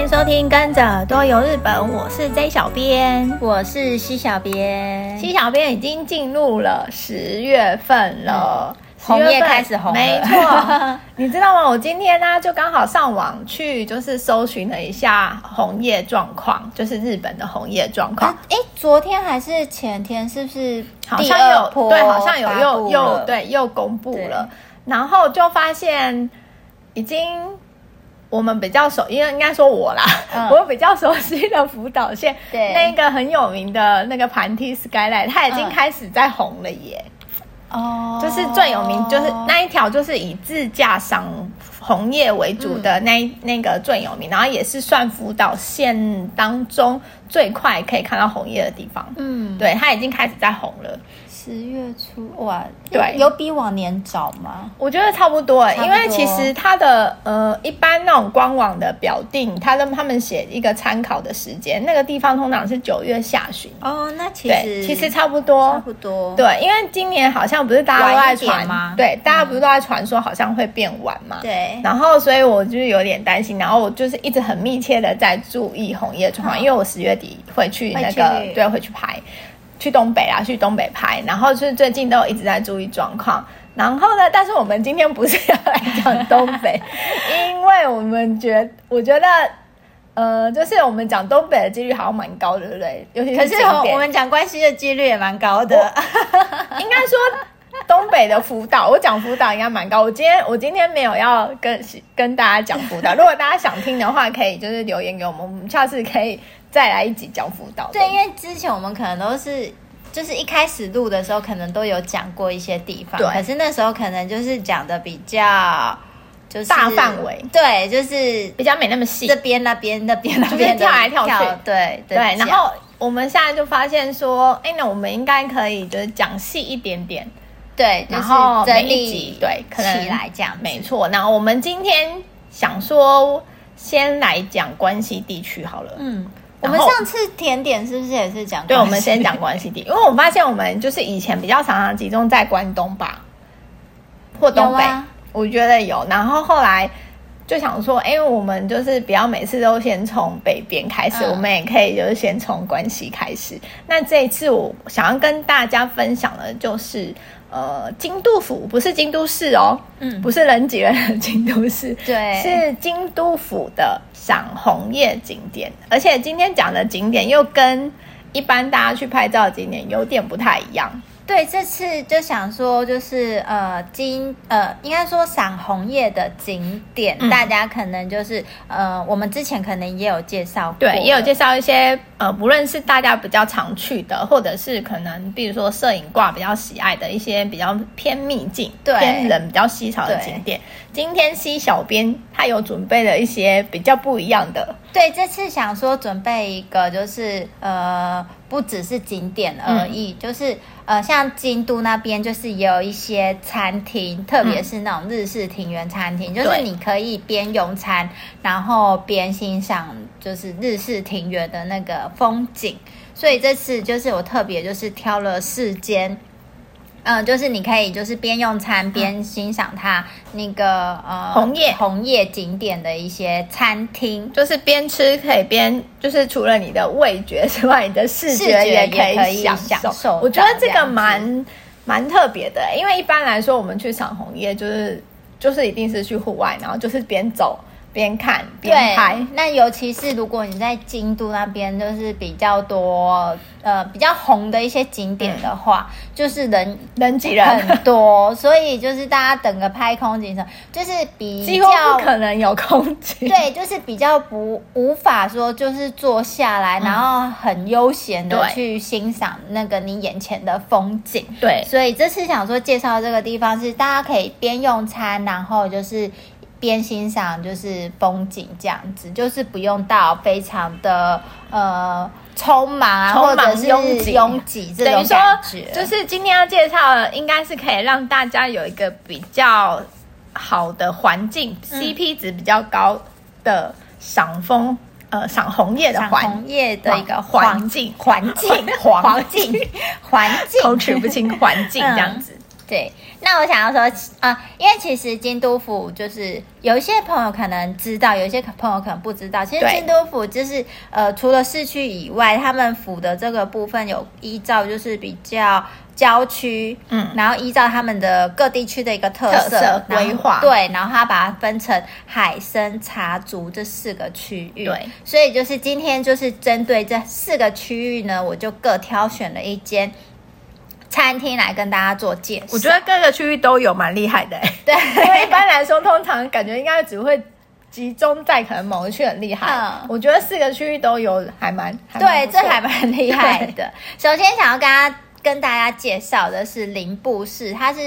先收聽，聽跟着多遊日本，我是 J 小編，我是西小編。西小編已經進入了十月份了，嗯、十月份紅葉開始紅了，沒錯錯， 你知道嗎？我今天呢、啊、就剛好上網去，就是搜尋了一下紅葉狀況，就是日本的紅葉狀況。哎、欸，昨天還是前天，是不是好像有對，好像有又又對又公布了，對然後就發現已經。我們比較熟，因為應該說我啦，嗯、我比較熟悉的福島縣，對那個很有名的那個盤梯 Skyline，它已經開始在紅了耶。哦、嗯，就是最有名，就是、哦、那一條，就是以自駕賞紅葉為主的那、嗯、那個最有名，然後也是算福島縣當中最快可以看到紅葉的地方。嗯，對，它已經開始在紅了。十月初。哇，對，有比往年早嗎？我覺得差不多，因為其實它的呃，一般那種官網的表定，它跟他們寫一個參考的時間，那個地方通常是九月下旬哦。那其實其實差不多，差不多對，因為今年好像，不是大家都在傳嗎？對，大家不是都在傳說好像會變晚嘛？對。然後所以我就有點擔心，然後我就是一直很密切的在注意紅葉狀況，因為我十月底會去那個對，會去拍。去東北啊，去東北拍，然後就是最近都一直在注意狀況。然後呢，但是我們今天不是要來講東北， 因為我們覺得，我覺得，呃，就是我們講東北的幾率好像蠻高的，對不對？尤其是，是我們講關西的幾率也蠻高的。應該說東北的福島，我講福島應該蠻高。我今天我今天沒有要跟跟大家講福島，如果大家想聽的話，可以就是留言給我們，我們下次可以。再來一集講輔導。對，因為之前我們可能都是就是一開始錄的時候，可能都有講過一些地方，對可是那時候可能就是講的比較就是大範圍，對，就是比較沒那麼細，這邊那邊那邊那邊跳來跳去，跳對對，對。然後我們現在就發現說，哎、欸，那我們應該可以就是講細一點點，對。然後每一集對起來講，沒錯。那我們今天想說，先來講關西地區好了，嗯。我們上次甜點是不是也是講？對，我們先講關西地，因為我發現我們就是以前比較常常集中在關東吧，或東北，嗎我覺得有。然後後來。就想說，哎、欸，我們就是不要每次都先從北邊開始，嗯、我們也可以就是先從關西開始。那這一次我想要跟大家分享的就是，呃，京都府不是京都市哦，嗯，不是人擠人的京都市，對，是京都府的賞紅葉景點，而且今天講的景點又跟一般大家去拍照的景點有點不太一樣。對，這次就想說，就是呃，今呃，應該說賞紅葉的景點，嗯、大家可能就是呃，我們之前可能也有介紹過，對，也有介紹一些呃，不論是大家比較常去的，或者是可能比如說攝影掛比較喜愛的一些比較偏秘境、對偏人、比較稀少的景點。今天西小編他有準備了一些比較不一樣的。對，這次想說準備一個，就是呃。不只是景點而已，嗯、就是呃，像京都那邊就是有一些餐廳，特別是那種日式庭園餐廳，嗯、就是你可以邊用餐，然後邊欣賞就是日式庭園的那個風景。所以這次就是我特別就是挑了四間。嗯，就是你可以，就是邊用餐邊欣賞它那個呃紅葉、紅葉景點的一些餐廳，就是邊吃可以邊，就是除了你的味覺之外，你的視覺也可以享受，視覺也可以享受，我覺得這個蠻蠻特別的，因為一般來說我們去賞紅葉就是就是一定是去戶外，然後就是邊走。邊看邊拍，那尤其是如果你在京都那邊，就是比較多呃比較紅的一些景點的話，對就是人人擠人很多，人人所以就是大家等個拍空景的，就是比較不可能有空景，對，就是比較不無，無法說就是坐下來，然後很悠閒的去欣賞那個你眼前的風景，對，所以這次想說介紹這個地方是大家可以邊用餐，然後就是。邊欣賞就是風景這樣子，就是不用到非常的呃匆忙啊，或者是擁擠，等於說就是今天要介紹的，應該是可以讓大家有一個比較好的環境、嗯、CP 值比較高的賞楓呃賞紅葉的環境，紅葉的一個環境環境環境環境，口齒不清環境這樣子、嗯、對。那我想要說啊、呃，因為其實京都府就是有一些朋友可能知道，有一些朋友可能不知道。其實京都府就是對呃，除了市區以外，他們府的這個部分有依照就是比較郊區，嗯，然後依照他們的各地區的一個特色規劃，對，然後他把它分成海參茶竹這四個區域，對，所以就是今天就是針對這四個區域呢，我就各挑選了一間。餐廳來跟大家做介紹。我覺得各個區域都有蠻厲害的，對，因為一般來說 通常感覺應該只會集中在可能某一個區很厲害。嗯，我覺得四個區域都有還蠻，還蠻對，還蠻這還蠻厲害的。對首先想要跟跟大家介紹的是綾部市，它是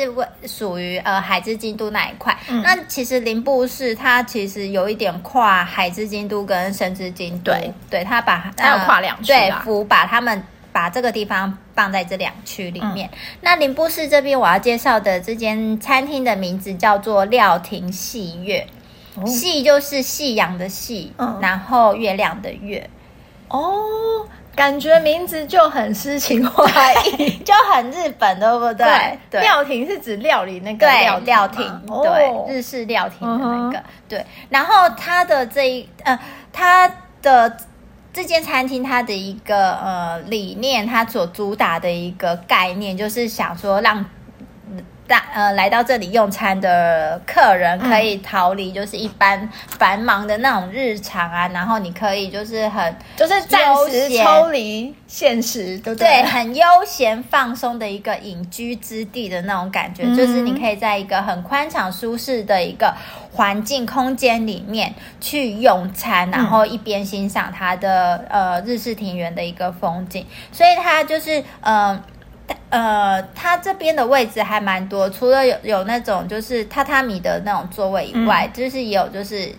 屬於呃海之京都那一塊。嗯、那其實綾部市它其實有一點跨海之京都跟森之京都，對，對，它把、呃、它有跨兩、啊、對府把他們。把這個地方放在這兩區裡面。嗯、那龜岡市這邊我要介紹的這間餐廳的名字叫做“料亭夕月”，“夕”哦、夕就是夕陽的夕“夕、嗯”，然後月亮的“月”。哦，感覺名字就很詩情畫意，對 就很日本，對不對？對對料亭是指料理那個料亭對料亭，哦、對，日式料亭的那個。嗯、哼對，然後它的這一呃，它的。這間餐廳，它的一個呃理念，它所主打的一個概念，就是想說讓。大呃，來到這裡用餐的客人可以逃離，就是一般繁忙的那種日常啊。然後你可以就是很，就是暫時抽離現實，對不對？對，很悠閒放鬆的一個隱居之地的那種感覺，嗯哼。就是你可以在一個很寬敞舒適的一個環境空間裡面去用餐，然後一邊欣賞它的呃日式庭園的一個風景，所以它就是嗯。呃呃，它這邊的位置還蠻多，除了有有那種就是榻榻米的那種座位以外，嗯、就是有就是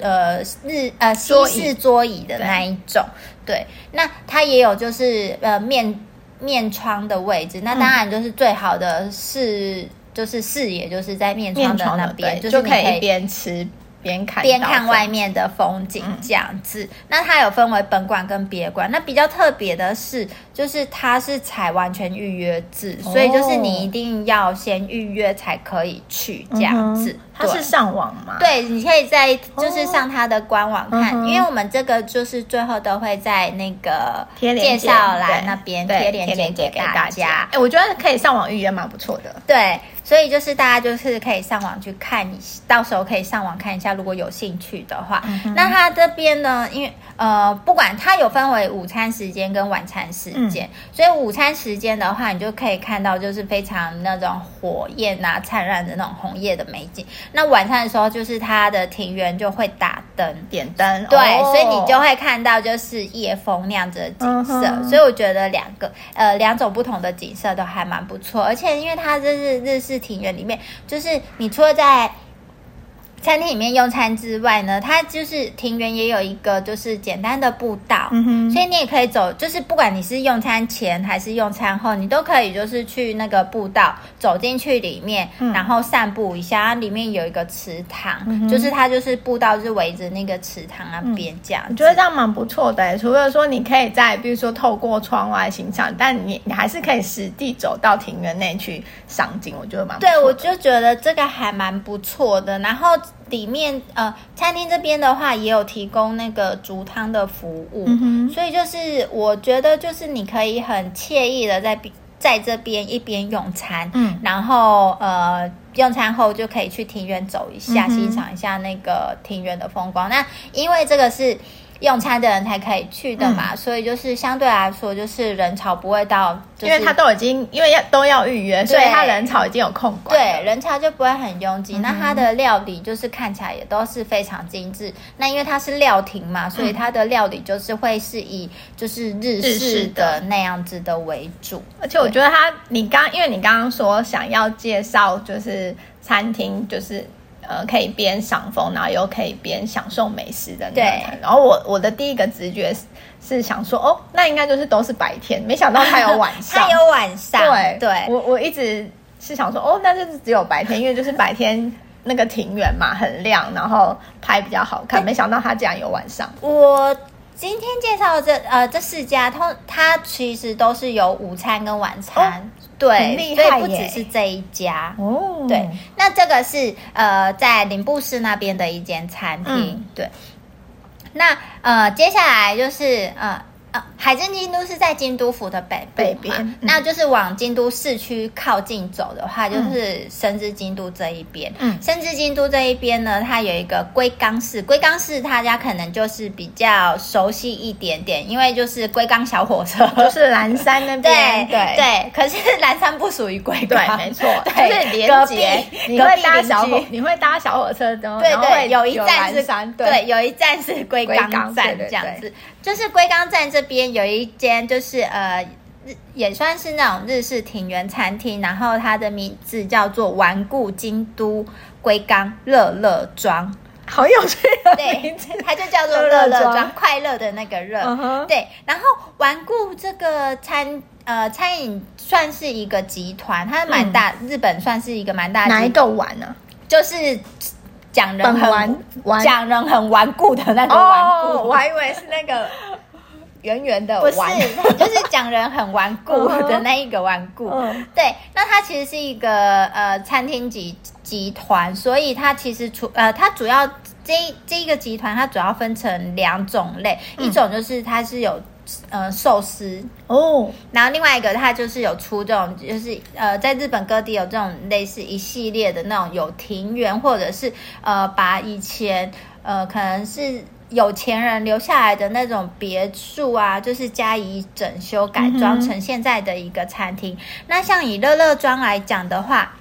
呃日呃西式桌椅的那一種。對，對，那它也有就是呃面面窗的位置，那當然就是最好的視、嗯、就是視野，就是在面窗的那邊，就可以一邊吃。邊看邊看外面的風景這樣子，那它有分為本館跟別館。那比較特別的是，就是它是採完全預約制，所以就是你一定要先預約才可以去這樣子。它是上網嗎？對，你可以在就是上它的官網看，因為我們這個就是最後都會在那個介紹欄那邊貼連結給大家。哎，我覺得可以上網預約蠻不錯的。對。所以就是大家就是可以上網去看一，到時候可以上網看一下，如果有興趣的話。嗯、哼那它這邊呢，因為呃，不管它有分為午餐時間跟晚餐時間，嗯、所以午餐時間的話，你就可以看到就是非常那種火焰啊燦爛的那種紅葉的美景。那晚餐的時候，就是它的庭園就會打燈、點燈，哦、對，所以你就會看到就是夜風亮着景色。嗯、哼所以我覺得兩個呃兩種不同的景色都還蠻不錯，而且因為它這是日、日式。庭院裡面，就是你坐在，餐廳裡面用餐之外呢，它就是庭園也有一個就是簡單的步道，嗯、哼所以你也可以走，就是不管你是用餐前還是用餐後，你都可以就是去那個步道走進去裡面，嗯、然後散步一下。裡面有一個池塘，嗯、哼就是它就是步道是圍着那個池塘啊邊、嗯、這樣子。我覺得這樣蠻不錯的，除了說你可以在，比如說透過窗外欣賞，但你你還是可以實地走到庭園內去賞景。我覺得蠻不錯對，我就覺得這個還蠻不錯的，然後。裡面呃，餐廳這邊的話也有提供那個竹湯的服務，嗯、哼所以就是我覺得就是你可以很愜意的在在這邊一邊用餐，嗯、然後呃用餐後就可以去庭院走一下，欣賞、嗯、哼一下那個庭院的風光。那因為這個是。用餐的人才可以去的嘛，嗯、所以就是相對來說，就是人潮不會到，就是，因為他都已經因為要都要預約，對所以他人潮已經有控管。對，人潮就不會很擁擠。嗯、哼那它的料理就是看起來也都是非常精緻。嗯、哼那因為它是料亭嘛，所以它的料理就是會是以就是日日式的那樣子的為主。對而且我覺得他，你剛因為你剛剛說想要介紹就是餐廳，就是。呃，可以邊賞楓，然後又可以邊享受美食的那的對然後我我的第一個直覺是，是想說，哦，那應該就是都是白天。沒想到它有晚上，啊、它有晚上。對，對我我一直是想說，哦，那就是只有白天，因為就是白天 那個庭園嘛，很亮，然後拍比較好看。沒想到它竟然有晚上。我今天介紹的這呃這四家，通它，它其實都是有午餐跟晚餐。哦對，所以不只是這一家。哦、對，那這個是呃，在林布市那邊的一間餐廳。嗯、對，那呃，接下來就是呃。啊，海之京都是在京都府的北北邊，那就是往京都市區靠近走的話，就是深之京都這一邊。嗯、神之京都這一邊呢，它有一個龜岡市，龜岡市大家可能就是比較熟悉一點點，因為就是龜岡小火車，就是嵐山那邊。對對對，可是嵐山不屬於龜岡，沒錯，就是連接，你會搭小火，你會搭小火車，然後對對，有一站是嵐，對，有一站是龜岡站這樣子。就是龜岡站這邊有一間，就是呃，也算是那種日式庭園餐廳，然後它的名字叫做“頑固京都龜岡樂樂莊”，樂樂好有趣啊！對，它就叫做樂樂莊“樂樂莊”，快樂的那個“樂、uh ” huh.。對，然後頑固這個餐呃餐飲算是一個集團，它蠻大，嗯、日本算是一個蠻大的。的。哪一個玩呢？就是。講人很頑，講人很頑固的那種頑固，Oh, 我還以為是那個圓圓的玩。 不是，就是講人很頑固的那一個頑固。Uh oh. 對，那它其實是一個呃餐廳集集團，所以它其實除，呃它主要這一這一個集團它主要分成兩種類，嗯，一種就是它是有。嗯，壽、呃、司哦，oh. 然後另外一個，它就是有出這種，就是呃，在日本各地有這種類似一系列的那種有庭園，或者是呃，把以前呃可能是有錢人留下來的那種別墅啊，就是加以整修改裝成現在的一個餐廳。Mm hmm. 那像以樂樂莊來講的話。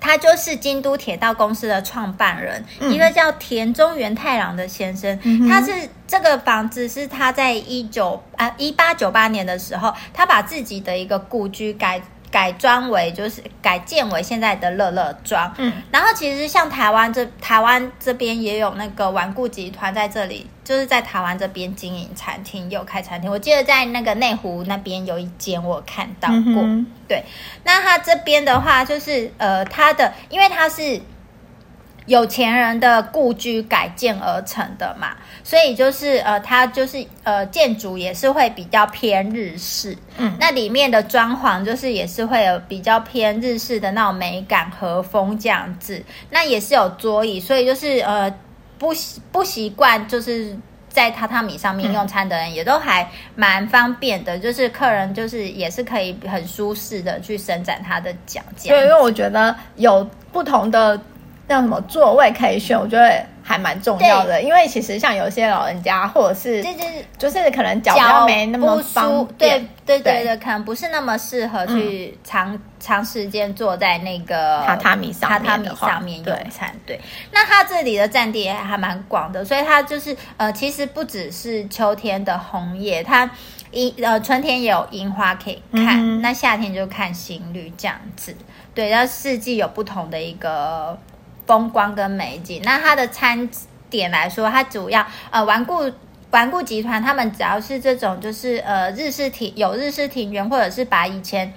他就是京都鐵道公司的創辦人，嗯、一個叫田中源太郎的先生。嗯、哼他是這個房子是他在一九啊一八九八年的時候，他把自己的一個故居改。改裝為就是改建為現在的樂樂莊，嗯，然後其實像台灣這台灣這邊也有那個頑固集團在這裡，就是在台灣這邊經營餐廳，又有開餐廳。我記得在那個內湖那邊有一間我看到過，嗯哼，對，那他這邊的話就是呃，他的因為他是。有錢人的故居改建而成的嘛，所以就是呃，它就是呃，建築也是會比較偏日式。嗯，那裡面的裝潢就是也是會有比較偏日式的那種美感和風這樣子。那也是有桌椅，所以就是呃不習不習慣就是在榻榻米上面用餐的人也都還蠻方便的，就是客人就是也是可以很舒適的去伸展他的腳尖。對，因為我覺得有不同的。那什麼座位可以選，我覺得還蠻重要的。因為其實像有些老人家或者是就是可能腳比較沒那麼方便，對對對對，可能不是那麼適合去長長時間坐在那個榻榻米上榻榻米上面用餐。對，那它這裡的占地也還蠻廣的，所以它就是呃，其實不只是秋天的紅葉，它呃春天也有櫻花可以看，那夏天就看新綠這樣子。對，然後四季有不同的一個。風光跟美景。那它的餐點來說，它主要呃，頑固頑固集團，他們只要是這種就是呃日式庭有日式庭園，或者是把以前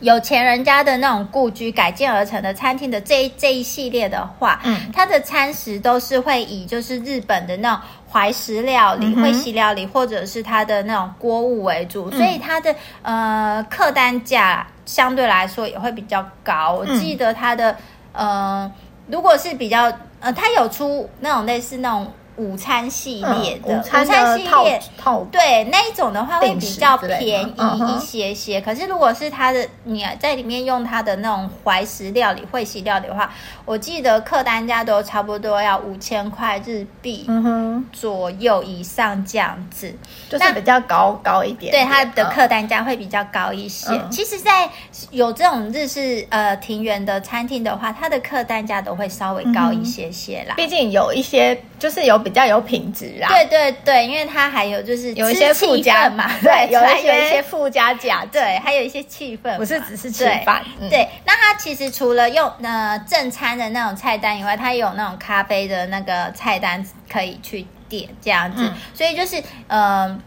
有錢人家的那種故居改建而成的餐廳的這一這一系列的話，嗯、它的餐食都是會以就是日本的那種懷石料理、嗯、哼會席料理或者是它的那種鍋物為主，嗯、所以它的呃客單價相對來說也會比較高。嗯、我記得它的呃。如果是比較，呃，他有出那種類似那種。午餐系列的，嗯、午，餐午餐系列套，套餐對，那一種的話會比較便宜一些些，uh huh. 可是如果是它的你在裡面用它的那種懷石料理，會席料理的話，我記得客單價都差不多要五千塊日幣左右以上這樣子，uh huh. 那就是比較高高一點，點。對，它的客單價會比較高一些。Uh huh. 其實，在有這種日式呃庭園的餐廳的話，它的客單價都會稍微高一些些啦，畢、uh huh. 竟有一些。就是有比較有品質啦， 對對對，因為它還有就是有一些附加嘛， 對，有還有一些附加價， 對，還有一些氣氛，不是只是吃飯。對,嗯、對，那它其實除了用呃正餐的那種菜單以外，它有那種咖啡的那個菜單可以去點這樣子，嗯、所以就是嗯。呃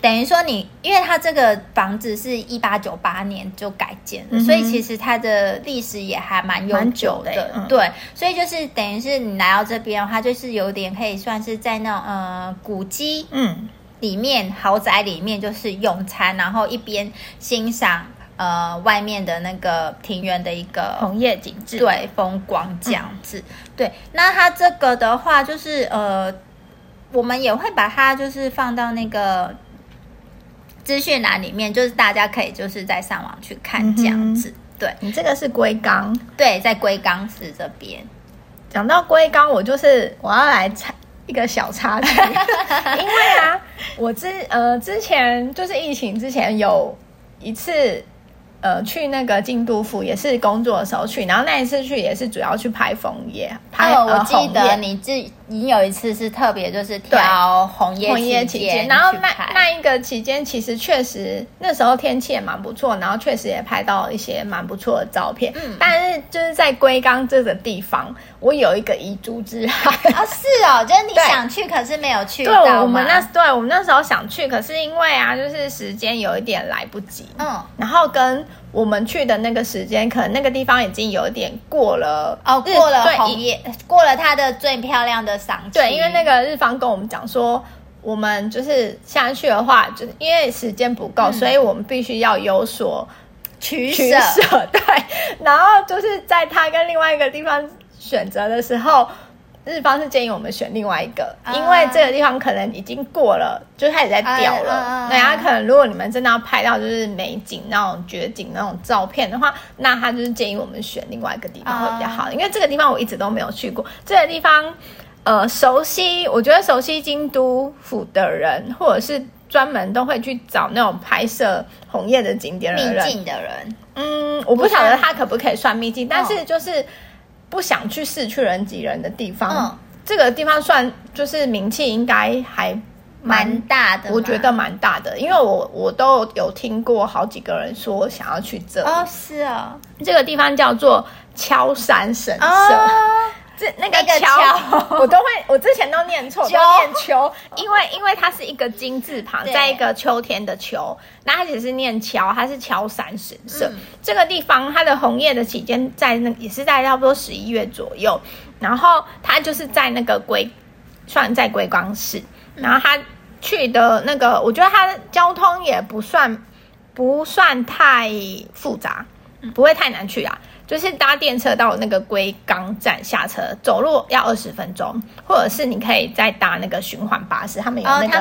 等於說你，因為它這個房子是一八九八年就改建了，嗯、哼所以其實它的歷史也還蠻悠久的。久的，對，嗯、所以就是等於是你來到這邊的話，就是有點可以算是在那種呃古蹟嗯裡面嗯豪宅裡面，就是用餐，然後一邊欣賞呃外面的那個庭園的一個紅葉景致，對，風光景致。嗯、對，那它這個的話，就是呃，我們也會把它就是放到那個。資訊欄裡面，就是大家可以就是在上網去看這樣子。嗯、哼對，你這個是龜岡，對，在龜岡市這邊。講到龜岡，我就是我要來插一個小插曲， 因為啊，我之呃之前就是疫情之前有一次呃去那個京都府，也是工作的時候去，然後那一次去也是主要去拍楓葉。有、哦、我記得你自你有一次是特別就是挑紅葉期間，然後那拍那一個期間其實確實那時候天氣也蠻不錯，然後確實也拍到一些蠻不錯的照片。嗯，但是就是在龜岡這個地方，我有一個遺珠之憾啊。哦，是哦，就是你想去可是沒有去到。對，我們那對我們那時候想去，可是因為啊，就是時間有一點來不及。嗯，然後跟。我們去的那個時間，可能那個地方已經有點過了哦，過了紅，對，過了他的最漂亮的賞期。對，因為那個日方跟我們講說，我們就是下去的話，就是因為時間不夠，嗯、的所以我們必須要有所取舍，取舍。對，然後就是在他跟另外一個地方選擇的時候。日方是建議我們選另外一個，因為這個地方可能已經過了，uh, 就開始在掉了。Uh, uh, 那他可能如果你們真的要拍到就是美景那種絕景那種照片的話，那他就是建議我們選另外一個地方會比較好。Uh, 因為這個地方我一直都沒有去過，這個地方呃熟悉，我覺得熟悉京都府的人，或者是專門都會去找那種拍攝紅葉的景點的人，秘境的人。嗯，我不曉得他可不可以算秘境，不是但是就是。Oh. 不想去市區人擠人的地方，嗯、這個地方算就是名氣應該還蠻,蠻大的，我覺得蠻大的，因為我我都有聽過好幾個人說想要去這，哦，是啊、哦，這個地方叫做。鍬山神社，哦、這那個鍬，那個鍬我都會，我之前都念錯，球念秋，因為因為它是一個金字旁，對在一個秋天的秋，那它只是念鍬，它是鍬山神社。嗯、這個地方它的紅葉的期間在那個，也是在差不多十一月左右，然後它就是在那個龜，算在龜岡市，然後他去的那個，我覺得他交通也不算不算太複雜，不會太難去啊。就是搭電車到那個龜岡站下車，走路要二十分鐘，或者是你可以再搭那個循環巴士，他們有那個對，對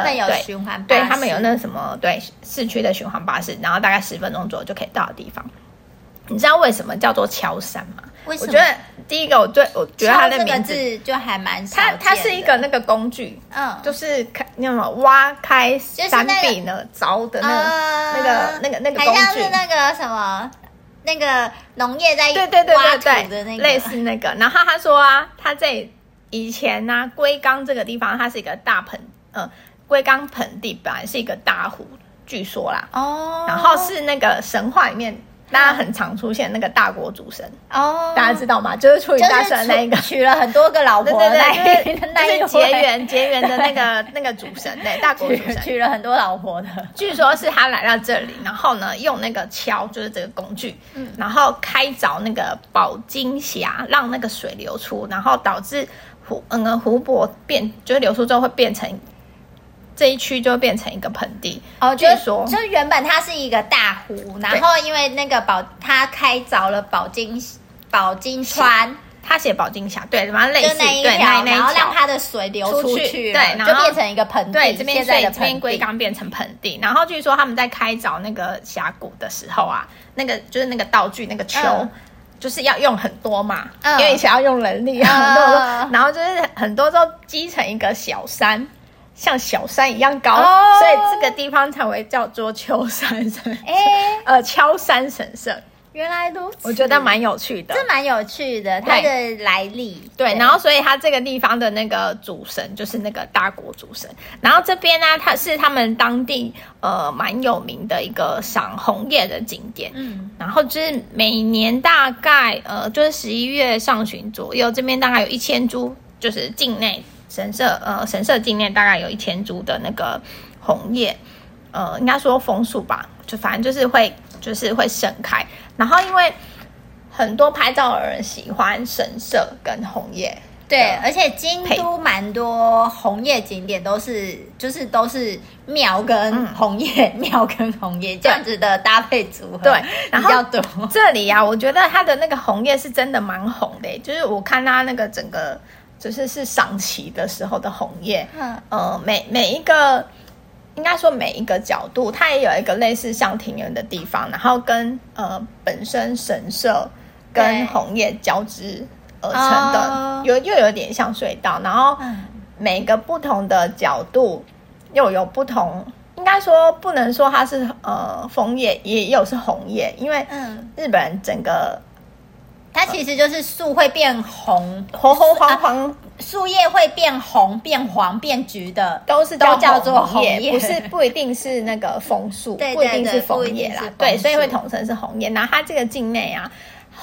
他們有那個什麼對市區的循環巴士，然後大概十分鐘左右就可以到的地方。你知道為什麼叫做鍬山嗎？我覺得第一個我最我覺得它的名字，這個字就還蠻它它是一個那個工具，嗯，就是那種挖開山壁呢？鑿的那個呃、那個那個那個工具，像是那個什麼。那個農業在的、那個、對對對對對，類似那個。然後他說啊，他在以前呢、啊，龜岡這個地方，它是一個大盆，呃，龜岡盆地本來是一個大湖，據說啦。哦。Oh. 然後是那個神話裡面。那很常出現那個大國主神哦，大家知道嗎？就是出雲大神那一個娶了很多個老婆的那那回是結緣結緣的那個對那個主神對大國主神娶,娶了很多老婆的，據說是他來到這裡，然後呢用那個鍬就是這個工具，嗯、然後開鑿那個保津峽，讓那個水流出，然後導致湖嗯湖泊變，就是流出之後會變成。這一區就變成一個盆地哦，就是就原本它是一個大湖，然後因為那個寶，它開鑿了保津保津川，它寫保津峽，對，蠻類似，對，然後讓它的水流出去，對，就變成一個盆地。對，這邊這盆剛剛變成盆地，然後據說他們在開鑿那個峽谷的時候啊，那個就是那個道具那個球。就是要用很多嘛，因為以前要用人力啊，然後就是很多都積成一個小山。像小山一樣高，oh, 所以這個地方才會叫做秋山神社，欸、呃，鍬山神社。原來如此，我覺得蠻有趣的。這蠻有趣的，它對的來歷。對，對然後所以它這個地方的那個主神就是那個大國主神，然後這邊呢、啊，它是他們當地呃蠻有名的一個賞紅葉的景點。嗯，然後就是每年大概呃，就是十一月上旬左右，這邊大概有一千株，就是境內。神社，呃，神社今年大概有一千株的那個紅葉，呃，應該說楓樹吧，就反正就是會，就是會盛開。然後因為很多拍照的人喜歡神社跟紅葉，對，而且京都蠻多紅葉景點都是，就是都是廟跟紅葉，廟、嗯、跟紅葉這樣子的搭配組合，對，比較多。然後這裡啊，我覺得它的那個紅葉是真的蠻紅的，就是我看它那個整個。就是是賞期的時候的紅葉，嗯，呃，每每一個，應該說每一個角度，它也有一個類似像庭園的地方，然後跟呃本身神社跟紅葉交織而成的，oh. 有又有點像隧道，然後每一個不同的角度又有不同，應該說不能說它是呃楓葉，也有是紅葉，因為日本人整個。它其實就是樹會變紅，紅紅黃黃、啊，樹葉會變紅、變黃、變黃、變橘的，都是叫都叫做紅葉，紅葉不是不一定是那個楓樹，對對對不一定是楓葉啦，葉對，所以會統稱是紅葉。那它這個境內啊，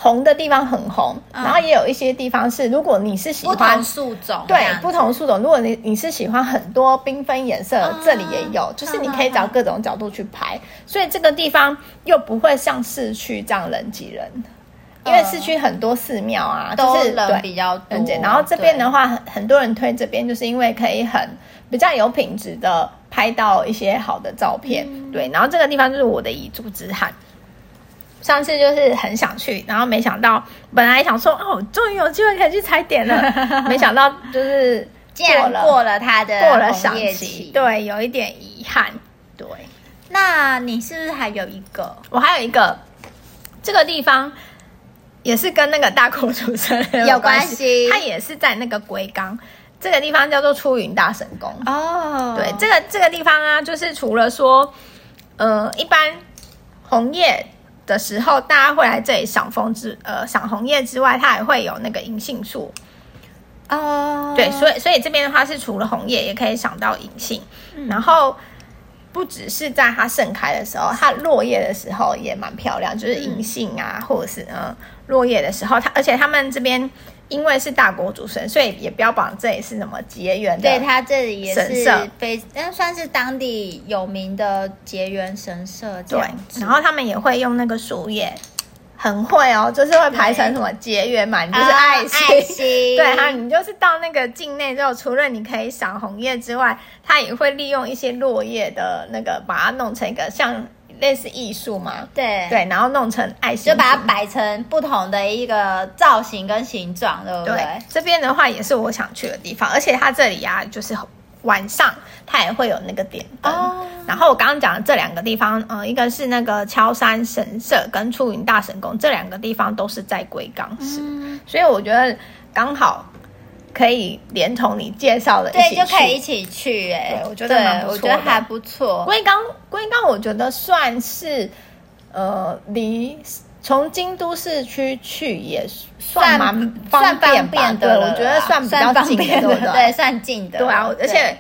紅的地方很紅，嗯、然後也有一些地方是，如果你是喜歡樹種，對，不同樹種，如果你你是喜歡很多繽紛顏色，嗯、這裡也有，就是你可以找各種角度去拍，好好，所以這個地方又不會像市區這樣人擠人。因為市區很多寺廟啊，都、就是比較多。然後這邊的話，很對很多人推這邊，就是因為可以很比較有品質的拍到一些好的照片。嗯、對，然後這個地方就是我的遺珠之憾。上次就是很想去，然後沒想到，本來想說哦，終於有機會可以去踩點了， 沒想到就是見過了它的過了賞葉期，對，有一點遺憾。對，那你是不是還有一個？我還有一個這個地方。也是跟那個大國主神有關係，它也是在那個龜岡這個地方叫做出雲大神宮哦。Oh. 對，這個這個地方啊，就是除了說，呃，一般紅葉的時候，大家會來這裡賞楓之呃賞紅葉之外，它還會有那個銀杏樹。哦，oh. 對，所以所以這邊的話是除了紅葉，也可以賞到銀杏，嗯、然後。不只是在它盛開的時候，它落葉的時候也蠻漂亮，就是銀杏啊，嗯、或者是嗯，落葉的時候，它而且他們這邊因為是大國主神，所以也標榜這裡是什麼結緣的神社，對，它這裡也是非，但算是當地有名的結緣神社。對，然後他們也會用那個樹葉。很會哦，就是會排成什麼對結緣嘛，你就是愛心，哦、愛心對哈，你就是到那個境內之後，除了你可以賞紅葉之外，它也會利用一些落葉的那個，把它弄成一個像類似藝術嘛，對對，然後弄成愛心，就把它擺成不同的一個造型跟形狀，對不對？對，這邊的話也是我想去的地方，而且它這裡啊，就是很。晚上它也會有那個點燈，oh. 然後我剛剛講的這兩個地方，嗯、呃，一個是那個鍬山神社跟出雲大神宮，這兩個地方都是在龜岡市，mm hmm. 所以我覺得剛好可以連同你介紹的，對，就可以一起去哎、欸，我覺得對我覺得還不錯，龜岡龜岡，我覺得算是呃離。L 從京都市區去也算蠻方，方便的，我覺得算比較近的，的對，對算近的。對啊，對而且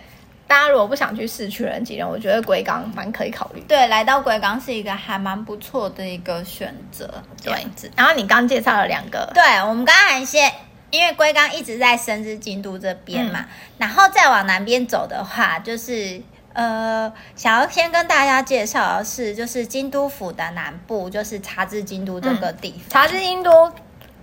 大家如果不想去市區人擠人，我覺得龜岡蠻可以考慮。對，來到龜岡是一個還蠻不錯的一個選擇。對，然後你剛介紹了兩個，對我們剛剛還先，因為龜岡一直在深圳京都這邊嘛，嗯、然後再往南邊走的話就是。呃，想要先跟大家介紹的是，就是京都府的南部，就是茶之京都這個地方。茶、嗯、之京都。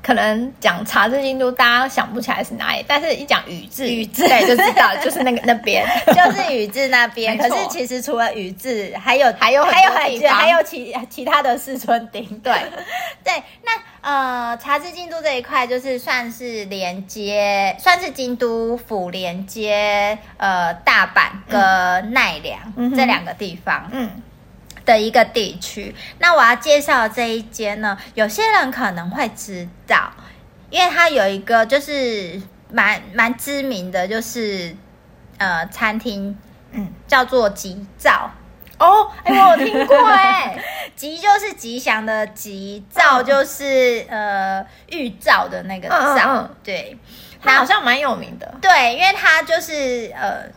可能講茶之京都，大家想不起來是哪裡，但是一講宇治，宇治智對就知道， 就是那個那邊，就是宇治那邊。錯可是其實除了宇治，還有還有還有還有其其他的四村町，對 對。那呃，茶之京都這一塊，就是算是連接，算是京都府連接呃大阪跟奈良、嗯、這兩個地方。嗯。的一個地區，那我要介紹這一間呢，有些人可能會知道，因為它有一個就是蠻蠻知名的，就是呃餐廳，嗯、叫做吉兆哦，哎、欸，我有聽過、欸，哎， 吉就是吉祥的吉，兆就是、嗯、呃預兆的那個兆，嗯嗯、對，它好像蠻有名的，對，因為它就是呃。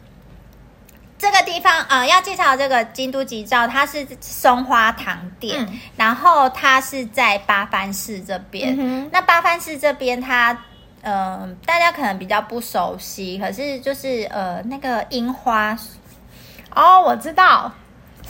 這個地方，呃，要介紹這個京都吉兆，它是松花堂店，嗯、然後它是在八幡市這邊。嗯、哼那八幡市這邊它，它呃，大家可能比較不熟悉，可是就是呃，那個櫻花，哦，我知道，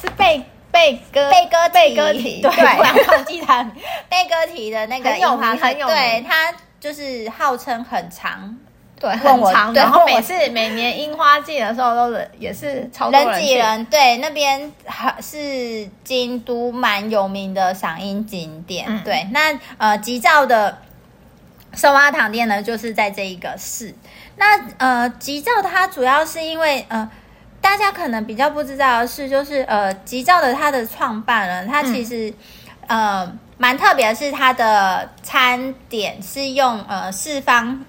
是貝貝哥貝哥提，貝哥提對，富蘭克繼壇貝哥提的那個櫻花很有，很有對，它就是號稱很長。對，很長。我然後每次我每年櫻花季的時候都，都是也是超多人，人擠人。對，那邊還是京都蠻有名的賞櫻景點。嗯、對，那呃吉兆的松花堂店呢，就是在這一個市。那呃吉兆它主要是因為呃大家可能比較不知道的是，就是呃吉兆的它的創辦人，他其實、嗯、呃蠻特別的是，它的餐點是用呃四方。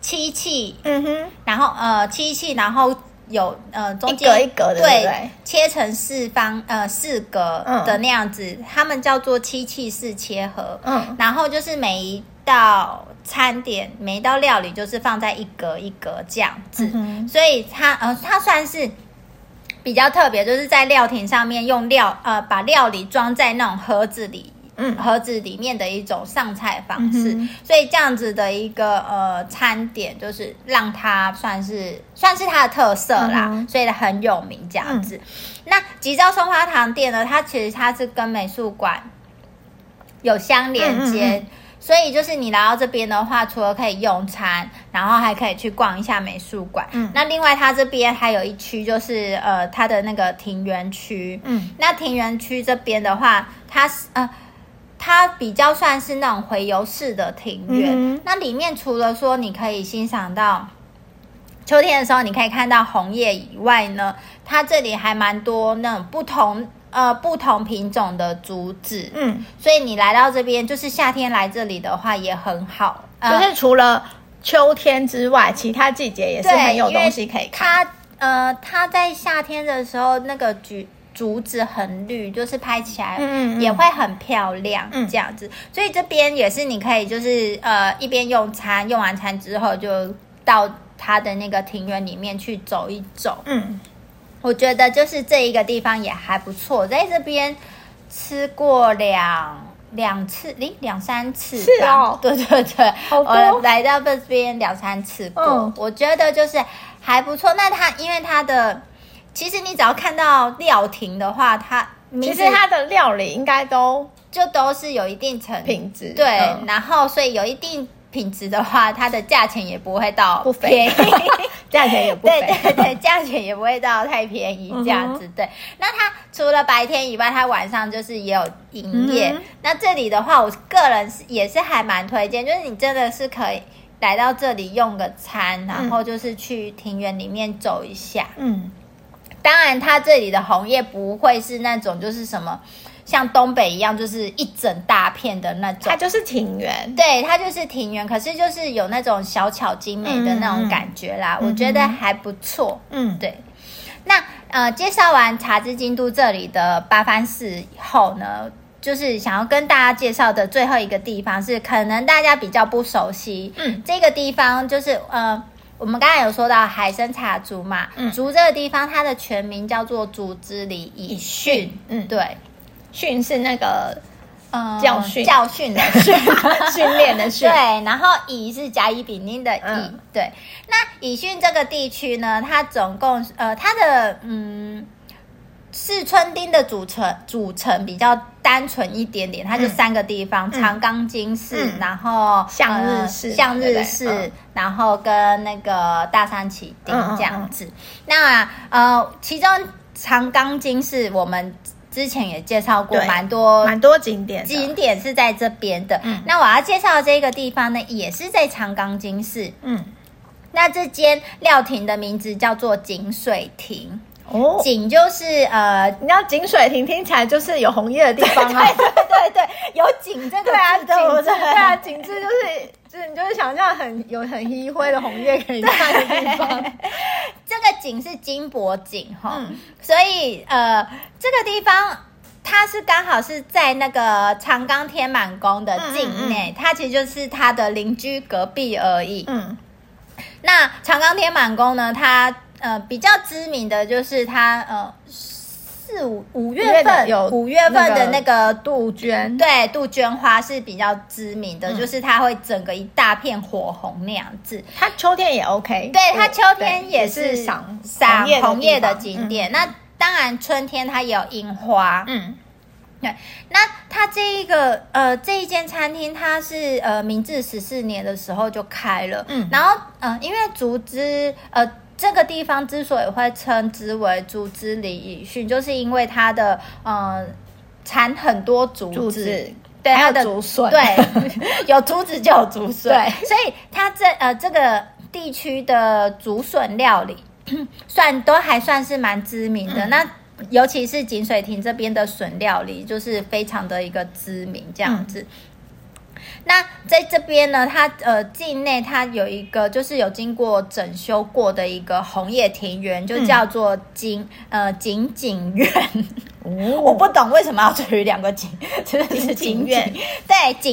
漆器，嗯哼，然後呃，漆器，然後有呃，中間有一格,一格對，對切成四方呃四格的那樣子，他、嗯、們叫做漆器式切盒，嗯，然後就是每一道餐點，每一道料理就是放在一格一格這樣子，嗯、哼所以它呃它算是比較特別，就是在料亭上面用料呃把料理裝在那種盒子裡。盒子裡面的一種上菜方式，嗯、哼所以這樣子的一個呃餐點就是讓它，算是算是它的特色啦，嗯、哼所以很有名這樣子。嗯、那吉兆松花堂店呢，它其實它是跟美術館有相連接，嗯嗯嗯，所以就是你來到這邊的話，除了可以用餐，然後還可以去逛一下美術館。嗯、那另外，它這邊還有一區就是呃它的那個庭園區，嗯，那庭園區這邊的話，它是呃。它比較算是那種迴遊式的庭院，嗯嗯那裡面除了說你可以欣賞到秋天的時候，你可以看到紅葉以外呢，它這裡還蠻多那種不同呃不同品種的竹子，嗯，所以你來到這邊，就是夏天來這裡的話也很好，呃、就是除了秋天之外，其他季節也是很有東西可以看。它呃，它在夏天的時候那個菊。竹子很綠，就是拍起來也會很漂亮這樣子，嗯嗯、所以這邊也是你可以就是呃一邊用餐，用完餐之後就到它的那個庭院裡面去走一走。嗯，我覺得就是這一個地方也還不錯，在這邊吃過兩兩次，誒、欸，兩三次吧。是哦，對對對，好多，我來到這邊兩三次過，嗯、我覺得就是還不錯。那它因為它的。其實你只要看到料亭的話，它其實，其實它的料理應該都就都是有一定成品質，對。嗯、然後所以有一定品質的話，它的價錢也不會到不便宜，不非 價錢也不對，對對，對價錢也不會到太便宜，嗯、哼這樣子。對，那它除了白天以外，它晚上就是也有營業。嗯、哼那這裡的話，我個人是也是還蠻推薦，就是你真的是可以來到這裡用個餐，然後就是去庭院裡面走一下，嗯。嗯當然，它這裡的紅葉不會是那種，就是什麼像東北一樣，就是一整大片的那種。它就是庭園，對，它就是庭園，可是就是有那種小巧精美的那種感覺啦。嗯、我覺得還不錯，嗯，對。嗯、那呃，介紹完茶之京都這裡的八幡市以後呢，就是想要跟大家介紹的最後一個地方是，可能大家比較不熟悉，嗯，這個地方就是呃。我們剛才有說到海生茶竹嘛，竹、嗯、這個地方它的全名叫做竹之里乙訓，乙訓嗯，對，訓是那個呃教訓呃教訓的訓， 訓練的訓，對，然後乙是甲乙丙丁的乙，嗯、對，那乙訓這個地區呢，它總共呃它的嗯。四村町的組成組成比較單純一點點，它就三個地方：嗯、長岡京市，嗯、然後向日市、呃，向日市，嗯、然後跟那個大山崎町這樣子。嗯嗯嗯那呃，其中長岡京市我們之前也介紹過對蠻多蠻多景點，景點是在這邊的。嗯、那我要介紹的這個地方呢，也是在長岡京市。嗯，那這間料亭的名字叫做錦水亭。哦，錦就是呃，你知道錦水亭聽起來就是有紅葉的地方啊，對，對對對， 有錦、這個，對啊，汁對不對？對啊，錦字就是，就是你就是想象很有很依依的紅葉可以看的地方。這個錦是金箔錦哈，齁嗯、所以呃，這個地方它是剛好是在那個長岡天滿宮的境內，嗯嗯、它其實就是它的鄰居隔壁而已。嗯，那長岡天滿宮呢，它。呃，比較知名的就是它，呃，四五五月份有五月份的那個杜鵑，對，杜鵑花是比較知名的，就是它會整個一大片火紅那樣子。它秋天也 OK，對，它秋天也是賞賞紅葉的景點。那當然春天它也有櫻花，嗯，對。那它這一個呃這一間餐廳，它是呃明治十四年的時候就開了，嗯，然後嗯因為竹子呃。這個地方之所以會稱之為竹之里乙訓，就是因為它的嗯產、呃、很多竹，竹子，對，還有竹筍，對，有竹子就有竹筍，所以它這呃這個地區的竹筍料理， 算都還算是蠻知名的。嗯、那尤其是錦水亭這邊的筍料理，就是非常的一個知名這樣子。嗯那在這邊呢，它呃境內它有一個就是有經過整修過的一個紅葉庭園，就叫做景、嗯、呃錦景園。哦、 我不懂為什麼要取兩個景，就景 是錦景園院。景景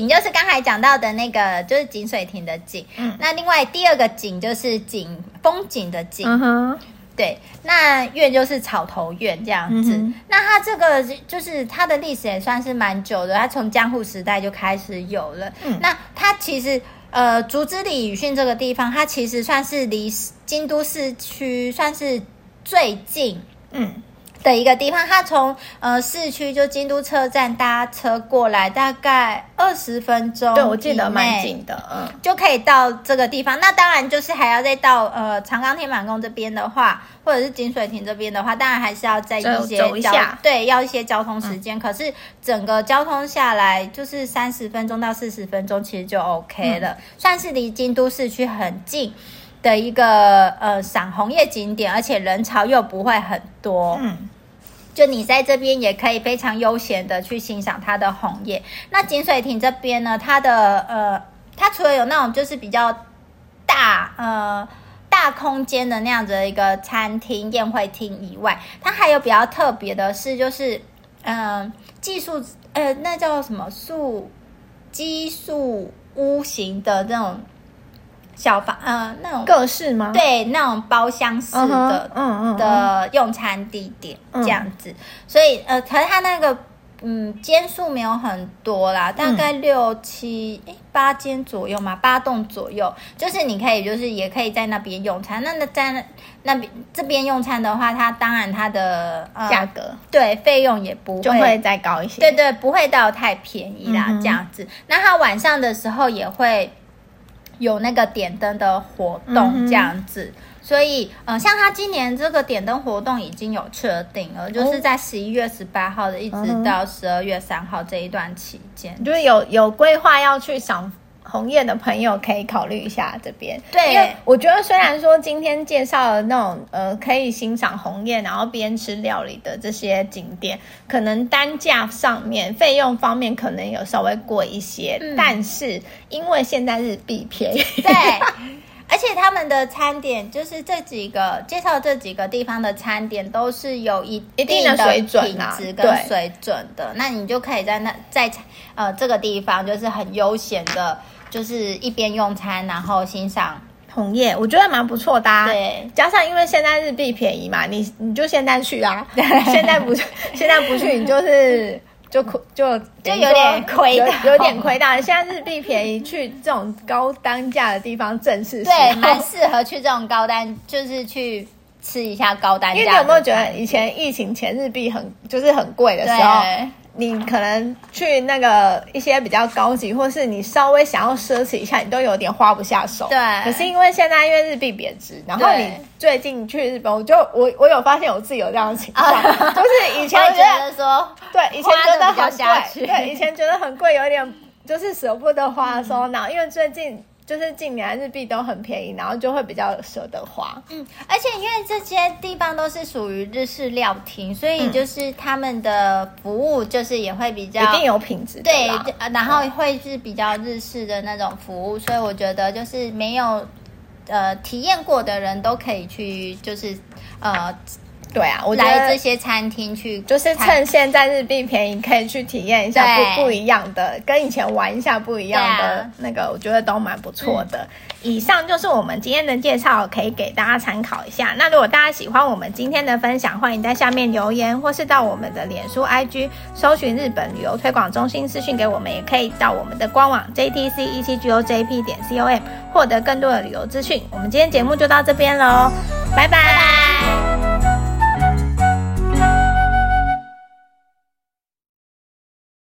對，錦就是剛才講到的那個，就是錦水亭的錦。嗯、那另外第二個景就是景風景的景。嗯對，那院就是草頭院這樣子。嗯、哼那它這個就是它的歷史也算是蠻久的，它從江戶時代就開始有了。嗯、那它其實呃，竹之里乙訓這個地方，它其實算是離京都市區算是最近。嗯。的一個地方，它從呃市區就京都車站搭車過來，大概二十分鐘，對，我記得蠻近的，嗯，就可以到這個地方。那當然就是還要再到呃長岡天滿宮這邊的話，或者是錦水亭這邊的話，當然還是要再一些交一下對，要一些交通時間。嗯、可是整個交通下來就是三十分鐘到四十分鐘，其實就 OK 了，嗯、算是離京都市區很近的一個呃賞紅葉景點，而且人潮又不會很多，嗯，就你在這邊也可以非常悠閒的去欣賞它的紅葉。那錦水亭這邊呢，它的呃，它除了有那種就是比較大呃大空間的那樣子的一個餐廳宴會廳以外，它還有比較特別的是，就是嗯，呃，技術呃，那叫什麼數寄數寄屋型的這種。小房，呃那種各式嗎？對，那種包廂式的，嗯嗯、uh huh, uh uh. 的用餐地點、uh huh. 這樣子，所以呃，它它那個嗯間數沒有很多啦，大概六七誒、嗯欸、八間左右嘛，八棟左右，就是你可以就是也可以在那邊用餐。那那在那邊，那邊這邊用餐的話，它當然它的、呃、價格對費用也不會就會再高一些，對對，不會到太便宜啦、uh huh. 這樣子。那它晚上的時候也會。有那個點燈的活動這樣子、嗯哼，所以呃，像他今年這個點燈活動已經有確定了，就是在十一月十八號的一直到十二月三號這一段期間，嗯、就是有有規劃要去想。紅葉的朋友可以考慮一下這邊，對耶因為我覺得雖然說今天介紹的那種呃可以欣賞紅葉，然後邊吃料理的這些景點，可能單價上面費用方面可能有稍微貴一些，嗯、但是因為現在日幣便宜，對， 而且他們的餐點就是這幾個介紹這幾個地方的餐點都是有一定的水準的，一定的水準啊，對水準的，那你就可以在那在呃這個地方就是很悠閒的。就是一邊用餐，然後欣賞紅葉，我覺得蠻不錯的，啊。對，加上因為現在日幣便宜嘛，你你就現在去啊。對現在不去，現在不去，你就是就就就，就有點虧，有點虧到。 現在日幣便宜，去這種高單價的地方正是對，蠻適合去這種高單，就是去。吃一下高單價，因為你有沒有覺得以前疫情前日幣很就是很貴的時候，對你可能去那個一些比較高級，或是你稍微想要奢侈一下，你都有點花不下手。對，可是因為現在因為日幣貶值，然後你最近去日本，我就我我有發現我自己有這樣的情況，啊、就是以前覺得說對，以前覺得很貴，以前覺得很貴，有點就是捨不得花，嗯嗯然後因為最近。就是近年來日幣都很便宜，然後就會比較捨得花。嗯，而且因為這些地方都是屬於日式料亭，所以就是他們的服務就是也會比較、嗯、一定有品質。對，然後會是比較日式的那種服務，所以我覺得就是沒有呃體驗過的人都可以去，就是呃。對啊，來這些餐廳去，就是趁現在日幣便宜，可以去體驗一下不、啊、不一樣的，跟以前玩一下不一樣的、啊、那個，我覺得都蠻不錯的。嗯、以上就是我們今天的介紹，可以給大家參考一下。那如果大家喜歡我們今天的分享，歡迎在下面留言，或是到我們的臉書、IG 搜尋日本旅遊推廣中心私訊給我們，也可以到我們的官網 j t c e c g o j p 點 c o m 獲得更多的旅遊資訊。我們今天節目就到這邊嘍，拜拜。拜拜。